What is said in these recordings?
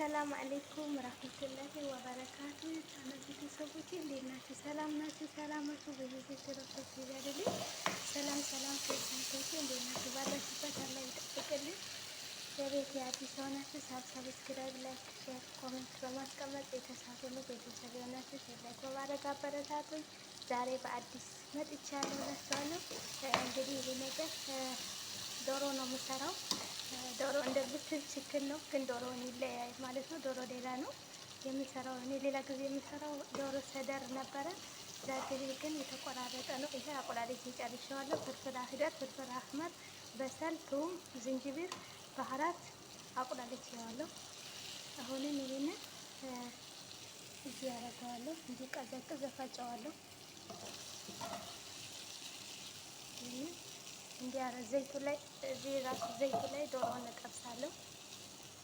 አሰላሙ አሌይኩም ረህመቱላሂ ወበረካቱ ቤተሰቦቼ እንዴት ናችሁ? ሰላም ናችሁ? ሰላማችሁ በቤተሰቦች ይዛልልኝ። ሰላም ሰላም ክርስቲያኖቼ እንዴት ናችሁ? ባላችሁበት አላህ ይጠብቅልን። በቤት የአዲስ የሆናችሁ ሳብ ሰብስክራይብ፣ ላይክ፣ ሼር፣ ኮሜንት በማስቀመጥ የተሳሰሉ ቤተሰብ የሆናችሁ ላይክ በማድረግ አበረታቱኝ። ዛሬ በአዲስ መጥቻለሁ። እነሱ አሉ እንግዲህ ነገር ዶሮ ነው የምሰራው ዶሮ እንደ ብትል ትክክል ነው፣ ግን ዶሮውን ይለያያል ማለት ነው። ዶሮ ሌላ ነው የሚሰራው። እኔ ሌላ ጊዜ የሚሰራው ዶሮ ሰደር ነበረ። ዛሬ ግን የተቆራረጠ ነው። ይሄ አቆራረጥ ይጨርሻዋለሁ። ፍርፍር አህደር፣ ፍርፍር አህመር፣ በሰል፣ ቱም፣ ዝንጅብር፣ ባህራት አቁላልቼ ዋለሁ። አሁንም ይሄንን እዚህ ያደርገዋለሁ እንዲቀዘቅዝ እፈጨዋለሁ። ይሄንን እንዲያረ ዘይቱ ላይ እዚህ ራሱ ዘይቱ ላይ ዶሮውን እጠብሳለሁ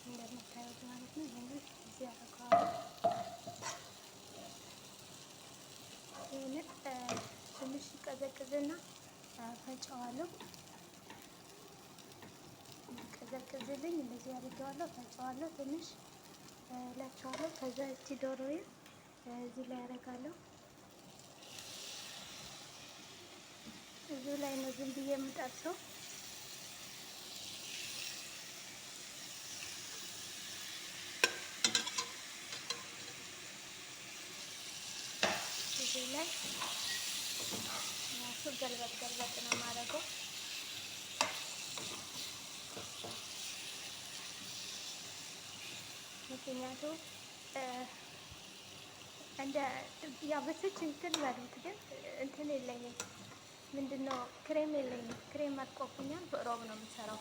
እንደምታዩት ማለት ነው። ይህንን እዚህ ያደርገዋል። ይህንን ትንሽ ይቀዘቅዝና ፈጨዋለሁ። ይቀዘቅዝልኝ እንደዚህ ያደርገዋለሁ። ፈጨዋለሁ ትንሽ እላቸዋለሁ። ከዛ እቺ ዶሮዬ እዚህ ላይ ያደርጋለሁ። እዚሁ ላይ ነው ዝም ብዬ የምጠብሰው። እዚሁ ላይ እራሱ ገልበጥ ገልበጥ ነው የማደርገው። ምክንያቱ እንደ ያው በስች እንትን በሉት ግን እንትን የለኝም ምንድነው ክሬም የለኝም። ክሬም አጥቆብኛል። በሮብ ነው የምሰራው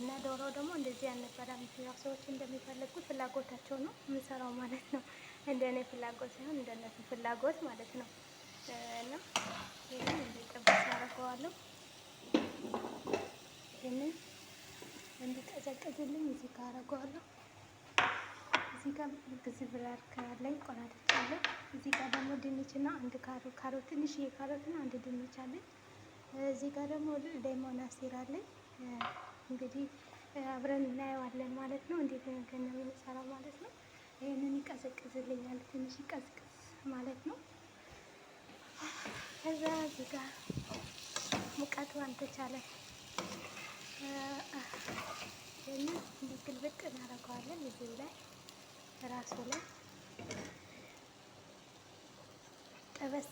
እና ዶሮ ደግሞ እንደዚህ አልነበረም። ያው ሰዎች እንደሚፈልጉት ፍላጎታቸው ነው የምሰራው ማለት ነው። እንደ እኔ ፍላጎት ሳይሆን እንደነሱ ፍላጎት ማለት ነው። እና ይህንን እንዲጠበስ አደርገዋለሁ። ይህንን እንዲቀዘቅዝልኝ እዚህ ጋር አደርገዋለሁ። እዚህ ጋር ግዝብራር ካለኝ ቆራርጫለሁ። እዚህ ጋር ደግሞ ድንች እና አንድ ካሮት ካሮት ትንሽዬ ካሮት እና አንድ ድንች አለኝ። እዚህ ጋር ደግሞ ሌሞን አሲር አለኝ። እንግዲህ አብረን እናየዋለን ማለት ነው፣ እንዴት ገና የሚሰራው ማለት ነው። ይህንን ይቀዘቅዝልኛል፣ ትንሽ ይቀዝቅዝ ማለት ነው። ከዛ እዚህ ጋር ሙቀቱ አልተቻለ ይህንን እንዲግልብጥ እናደርገዋለን እዚህ ላይ ራሱ ላይ ጠበስ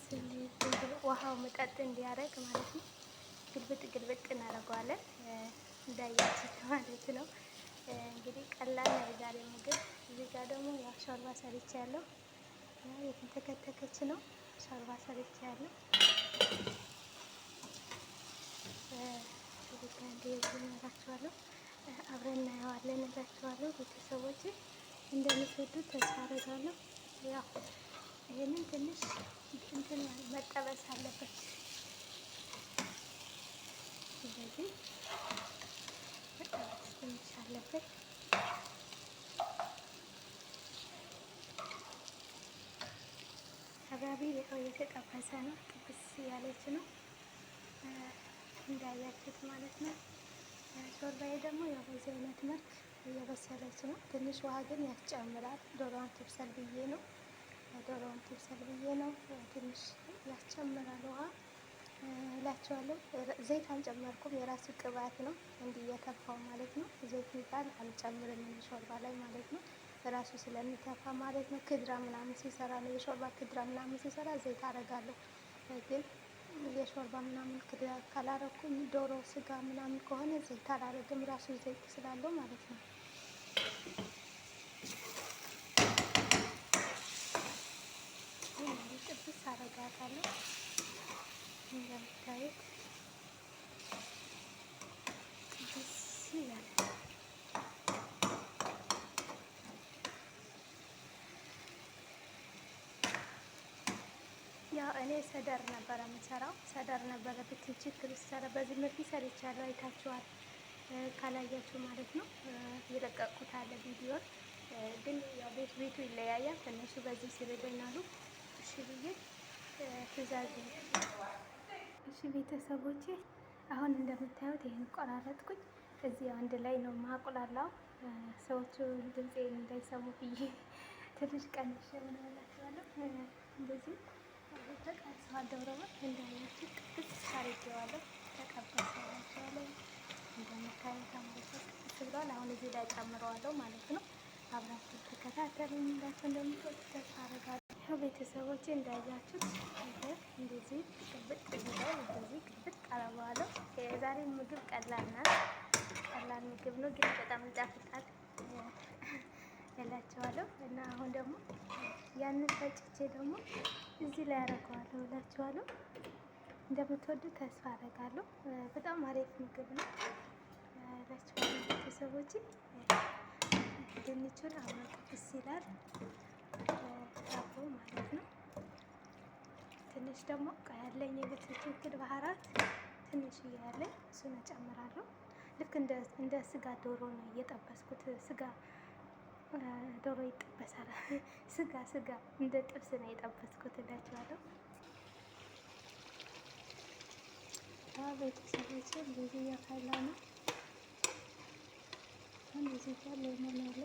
ውሃው መጠጥ እንዲያደርግ ማለት ነው። ግልብጥ ግልብጥ እናደርገዋለን እንዳያችሁት ማለት ነው። እንግዲህ ቀላል ነው የዛሬ ምግብ። እዚህ ጋር ደግሞ ያው ሾርባ ሰርቼ ያለው የተንተከተከች ነው። ሾርባ ሰርቼ ያለው እዚህ ጋር እንደዚህ እነግራችኋለሁ። አብረን እናየዋለን እላችኋለሁ። ቤተሰቦች እንደምትወዱት ተስፋ አደርጋለሁ። ያው ይህንን ትንሽ እንትን መጠበስ አለበት። ስለዚህ መጠበስ ትንሽ አለበት። አጋቢ ያው የተጠበሰ ነው። ጥብስ ያለች ነው እንዳያችሁት ማለት ነው። ሾርባዬ ደግሞ ያው አይነት መልክ እየበሰለች ነው። ትንሽ ውሃ ግን ያስጨምራል። ዶሮዋን ትብሰል ብዬ ነው ዶሮውን ትብሰል ብዬ ነው። ትንሽ ያስጨምራል ውሃ እላቸዋለሁ። ዘይት አልጨመርኩም፣ የራሱ ቅባት ነው። እንዲህ እየተፋው ማለት ነው። ዘይት ሚጣል አልጨምርም ሾርባ ላይ ማለት ነው። ራሱ ስለሚተፋ ማለት ነው። ክድራ ምናምን ሲሰራ ነው የሾርባ ክድራ ምናምን ሲሰራ ዘይት አደርጋለሁ። ግን የሾርባ ምናምን ክድራ ካላረኩኝ ዶሮ ስጋ ምናምን ከሆነ ዘይት አላረግም። ራሱ ዘይት ስላለው ማለት ነው። ሚክስ አረጋታለሁ። እንደምታዩት ደስ ይላል። ያው እኔ ሰደር ነበረ የምሰራው ሰደር ነበረ ብትን ችግር ሰራ። በዚህ በፊት ሰርቻለሁ፣ አይታችኋል ካላያችሁ ማለት ነው። የለቀቁት አለ ቪዲዮን ግን ያው ቤቱ ቤቱ ይለያያል። ትንሹ በዚህ ስር ይገኛሉ። ብዬ ትእዛዝ እሺ ቤተሰቦቼ አሁን እንደምታዩት ይህን ቆራረጥኩኝ። እዚህ አንድ ላይ ነው ማቁላላው። ሰዎቹ ድምፄ እንዳይሰሙ ብዬ ትንሽ ቀንሽ እንደዚህ ተቀርሰዋል። እንዳያችሁ ቅጥቅጥ ተቀበሰዋቸዋለሁ ቅጥቅጥ ብለዋል። አሁን እዚህ ላይ ጨምረዋለሁ ማለት ነው። አብራችሁ ተከታተሉ። እንደምትወጡ ተስፋ አደርጋለሁ። ነው ቤተሰቦቼ። እንዳያችሁት ነገር እንደዚህ ቅብጥ ብለው እንደዚህ ቅብጥ አረገዋለሁ። የዛሬ ምግብ ቀላል ናት። ቀላል ምግብ ነው ግን በጣም ይጣፍጣል እላቸዋለሁ። እና አሁን ደግሞ ያንን ፈጭቼ ደግሞ እዚህ ላይ አረገዋለሁ እላቸዋለሁ። እንደምትወዱ ተስፋ አረጋለሁ። በጣም አሪፍ ምግብ ነው እላቸዋለሁ ቤተሰቦቼ። ድንቹን አሁን ደስ ይላል። አድርጌያቸው ማለት ነው። ትንሽ ደግሞ ያለኝ የቤት ባህራት ትንሽ እያለኝ እሱን እጨምራለሁ። ልክ እንደ ስጋ ዶሮ ነው እየጠበስኩት። ስጋ ዶሮ ይጠበሳል። ስጋ ስጋ እንደ ጥብስ ነው የጠበስኩት እላችኋለሁ። ቤተሰቦችን ብዙ እያፈላ ነው። እዚህ ጋር ሎሚ አለ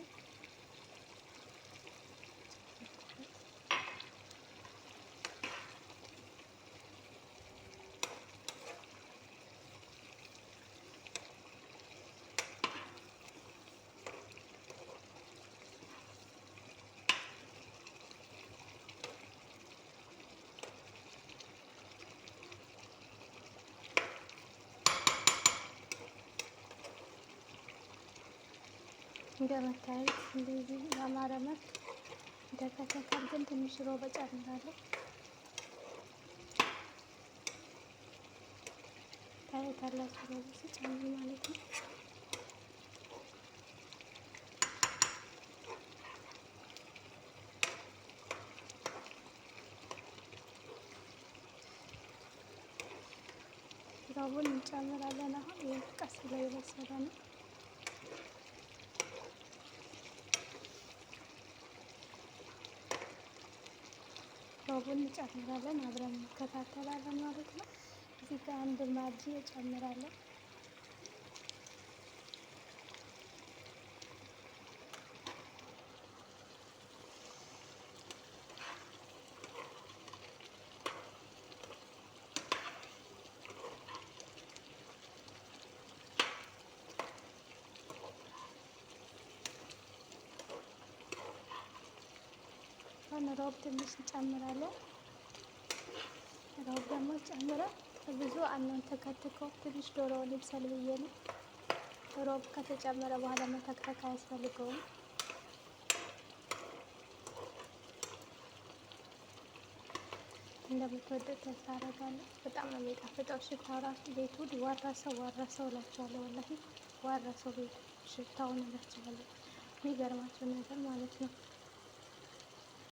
እንደምታዩት እንደዚህ ያማረ መልክ ግን ትንሽ ሮ እጨምራለሁ። ታዩታላችሁ በዚህ ስጨምር ማለት ነው። ሮቡን እንጨምራለን። አሁን ቀስ ላይ የበሰለ ነው። ጎን ጨምራለን አብረን እንከታተላለን ማለት ነው። እዚህ ጋር አንድ ማዕድ ጨምራለሁ። አሁን ሮብ ትንሽ እንጨምራለን። ሮብ ደግሞ ጨምረን ብዙ አለን ተከትከው ትንሽ ዶሮ ልብሰል ብዬ ነው። ሮብ ከተጨመረ በኋላ መተክተክ አያስፈልገውም። እንደምትወደድ ተስፋ አደርጋለሁ። በጣም ነው የሚጣፍጠው። ሽታው ራሱ ቤቱ ዋረሰው ዋረሰው እላቸዋለሁ። ወላሂ ዋረሰው ቤቱ ሽታውን እላቸዋለሁ። የሚገርማቸው ነገር ማለት ነው።